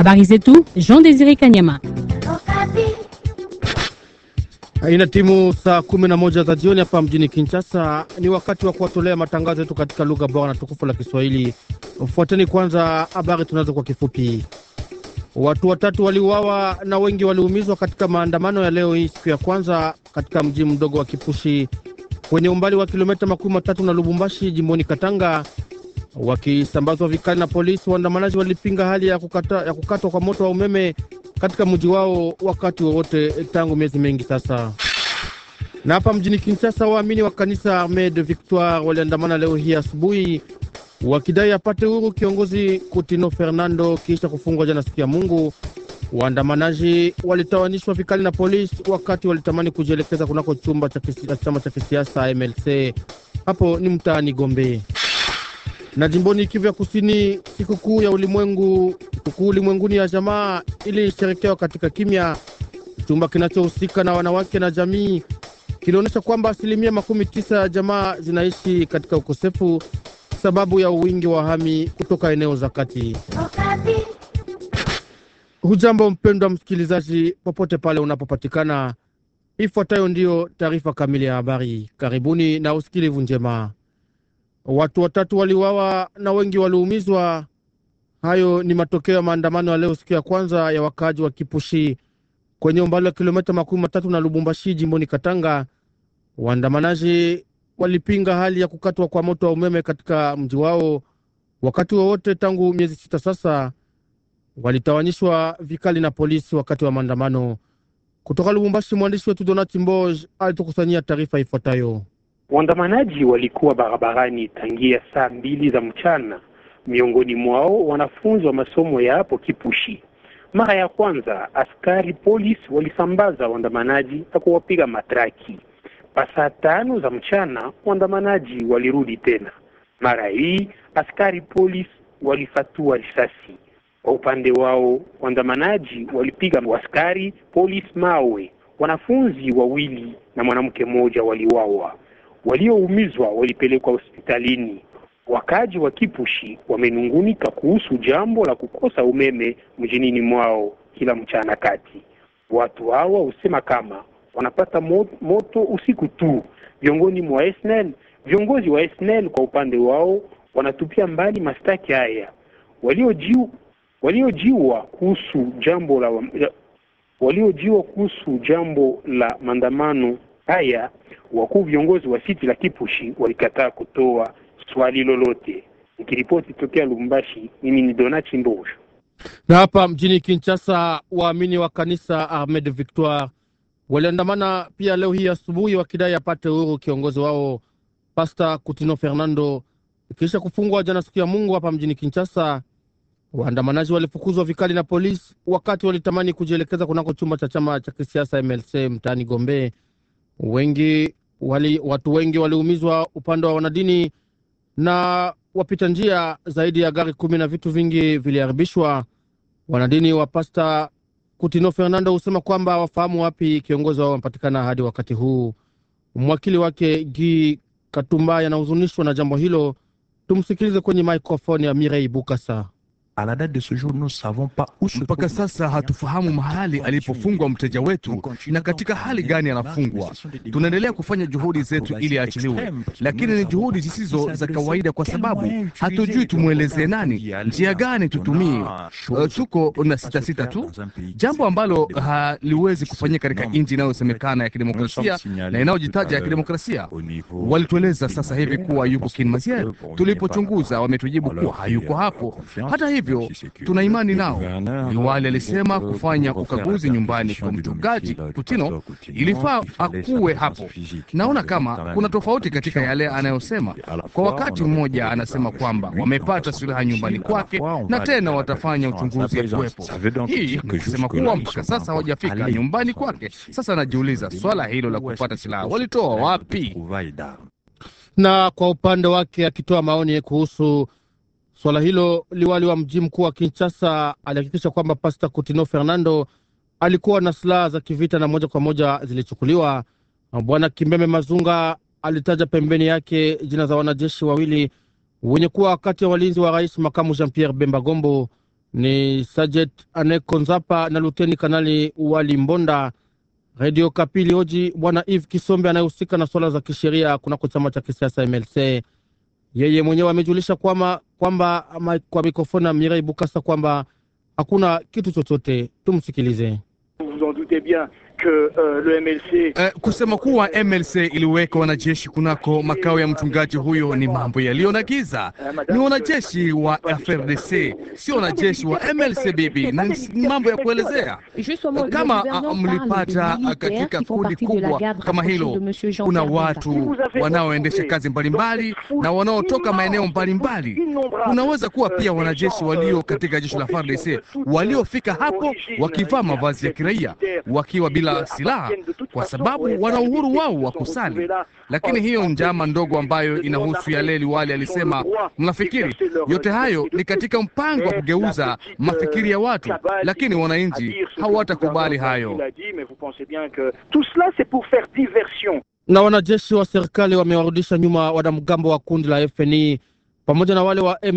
Habari zetu Jean Desire Kanyama. Ina timu saa kumi na moja za jioni hapa mjini Kinshasa. Ni wakati wa kuwatolea matangazo yetu katika lugha bora na tukufu la Kiswahili. Fuateni kwanza habari tunazo kwa kifupi. Watu watatu waliuawa na wengi waliumizwa katika maandamano ya leo hii, siku ya kwanza katika mji mdogo wa Kipushi kwenye umbali wa kilomita makumi matatu na Lubumbashi, jimboni Katanga wakisambazwa vikali na polisi. Waandamanaji walipinga hali ya, kukata, ya kukatwa kwa moto wa umeme katika mji wao wakati wowote tangu miezi mingi sasa. Na hapa mjini Kinshasa, waamini wa kanisa arme de Victoire waliandamana leo hii asubuhi wakidai apate huru kiongozi Kutino Fernando kisha kufungwa jana siku ya Mungu. Waandamanaji walitawanishwa vikali na polisi wakati walitamani kujielekeza kunako chumba cha chama cha kisiasa MLC hapo ni mtaani Gombe. Na jimboni Kivu ya Kusini, sikukuu ya ulimwengu sikukuu ulimwenguni ya jamaa ilisherekewa katika kimya. Chumba kinachohusika na wanawake na jamii kilionyesha kwamba asilimia makumi tisa ya jamaa zinaishi katika ukosefu sababu ya uwingi wa hami kutoka eneo za kati. Hujambo mpendwa msikilizaji, popote pale unapopatikana, ifuatayo ndiyo taarifa kamili ya habari. Karibuni na usikilivu njema watu watatu waliuawa na wengi waliumizwa. Hayo ni matokeo ya maandamano ya leo, siku ya kwanza ya wakaaji wa Kipushi kwenye umbali wa kilomita makumi matatu na Lubumbashi jimboni Katanga. Waandamanaji walipinga hali ya kukatwa kwa moto wa umeme katika mji wao wakati wowote wa tangu miezi sita sasa. Walitawanyishwa vikali na polisi wakati wa maandamano. Kutoka Lubumbashi, mwandishi wetu Donati Mboj alitukusanyia taarifa ifuatayo. Waandamanaji walikuwa barabarani tangia saa mbili za mchana, miongoni mwao wanafunzi wa masomo ya hapo Kipushi. Mara ya kwanza askari polisi walisambaza waandamanaji na kuwapiga matraki. Pa saa tano za mchana waandamanaji walirudi tena. Mara hii askari polisi walifatua risasi. Kwa upande wao waandamanaji walipiga askari polisi mawe. Wanafunzi wawili na mwanamke mmoja waliwawa. Walioumizwa walipelekwa hospitalini. Wakaji wa Kipushi wamenungunika kuhusu jambo la kukosa umeme mjinini mwao kila mchana kati. Watu hawa husema kama wanapata moto usiku tu. viongozi mwa SNEL, viongozi wa SNEL kwa upande wao wanatupia mbali mastaki haya. Waliojiwa waliojiwa kuhusu jambo la waliojiwa kuhusu jambo la maandamano haya wakuu viongozi wa siti la Kipushi walikataa kutoa swali lolote. Nikiripoti tokea Lubumbashi, mimi ni Donati Mbosho. Na hapa mjini Kinshasa, waamini wa kanisa Ahmed Victoire waliandamana pia leo hii asubuhi wakidai apate uhuru kiongozi wao Pasta Kutino Fernando kisha kufungwa jana siku ya Mungu hapa mjini Kinshasa. Waandamanaji walifukuzwa vikali na polisi wakati walitamani kujielekeza kunako chumba cha chama cha kisiasa MLC mtaani Gombe. Wengi wali, watu wengi waliumizwa upande wa wanadini na wapita njia. Zaidi ya gari kumi na vitu vingi viliharibishwa. Wanadini wa Pasta Kutino Fernando husema kwamba wafahamu wapi kiongozi wao wanapatikana hadi wakati huu. Mwakili wake Gi Katumba yanahuzunishwa na jambo hilo. Tumsikilize kwenye mikrofoni ya Mirei Bukasa. Mpaka sasa hatufahamu mahali alipofungwa mteja wetu na katika hali gani anafungwa. Tunaendelea kufanya juhudi zetu ili aachiliwe, lakini ni juhudi zisizo za kawaida, kwa sababu hatujui tumwelezee nani, njia gani tutumie. Euh, tuko na sita sita tu, jambo ambalo haliwezi kufanyika katika nchi inayosemekana ya kidemokrasia na inayojitaja ya kidemokrasia. Walitueleza sasa hivi kuwa yuko Kinmasia, tulipochunguza wametujibu kuwa hayuko hapo hata hivyo tuna imani nao. Liwali alisema kufanya ukaguzi nyumbani kwa mchungaji kutino ilifaa akuwe hapo. Naona kama kuna tofauti katika yale anayosema. Kwa wakati mmoja anasema kwamba wamepata silaha nyumbani kwake na tena watafanya uchunguzi ya kuwepo. Hii nasema kuwa mpaka sasa hawajafika nyumbani kwake. Sasa anajiuliza swala hilo la kupata silaha walitoa wapi? Na kwa upande wake akitoa maoni kuhusu Swala hilo liwali wa mji mkuu wa Kinshasa alihakikisha kwamba Pasta Kutino Fernando alikuwa na silaha za kivita na moja kwa moja zilichukuliwa. Bwana kimbeme Mazunga alitaja pembeni yake jina za wanajeshi wawili wenye kuwa kati ya walinzi wa rais makamu Jean Pierre Bemba Gombo ni Sajet Aneko Nzapa na luteni kanali Wali Mbonda. Redio Kapili hoji Bwana Eve Kisombe anayehusika na swala za kisheria kunako chama cha kisiasa MLC. Yeye mwenyewe amejulisha kwamba kwamba kwa mikrofoni ya Mirai Bukasa kwamba hakuna kitu chochote. Tumsikilize. Uh, le MLC. Uh, eh, kusema kuwa MLC iliweka wanajeshi kunako makao ya mchungaji huyo ni mambo yaliyo na giza. Eh, ni wanajeshi wa FRDC, sio wanajeshi wa MLC bibi, na mambo ya kuelezea kama ah, mlipata ah, katika kundi kubwa kama hilo, kuna watu wanaoendesha kazi mbalimbali mbali, na wanaotoka maeneo mbalimbali. Kunaweza kuwa pia wanajeshi euh, walio katika jeshi la FRDC waliofika hapo wakivaa mavazi ya kiraia wakiwa bila bila silaha, kwa sababu wana uhuru wao wa kusali. Lakini hiyo njama ndogo ambayo inahusu yale liwali alisema, mnafikiri yote hayo ni katika mpango wa eh, kugeuza mafikiri ya watu, lakini wananchi hawatakubali hayo na wanajeshi wa serikali wamewarudisha nyuma wanamgambo wa kundi la FNI pamoja na wale wa M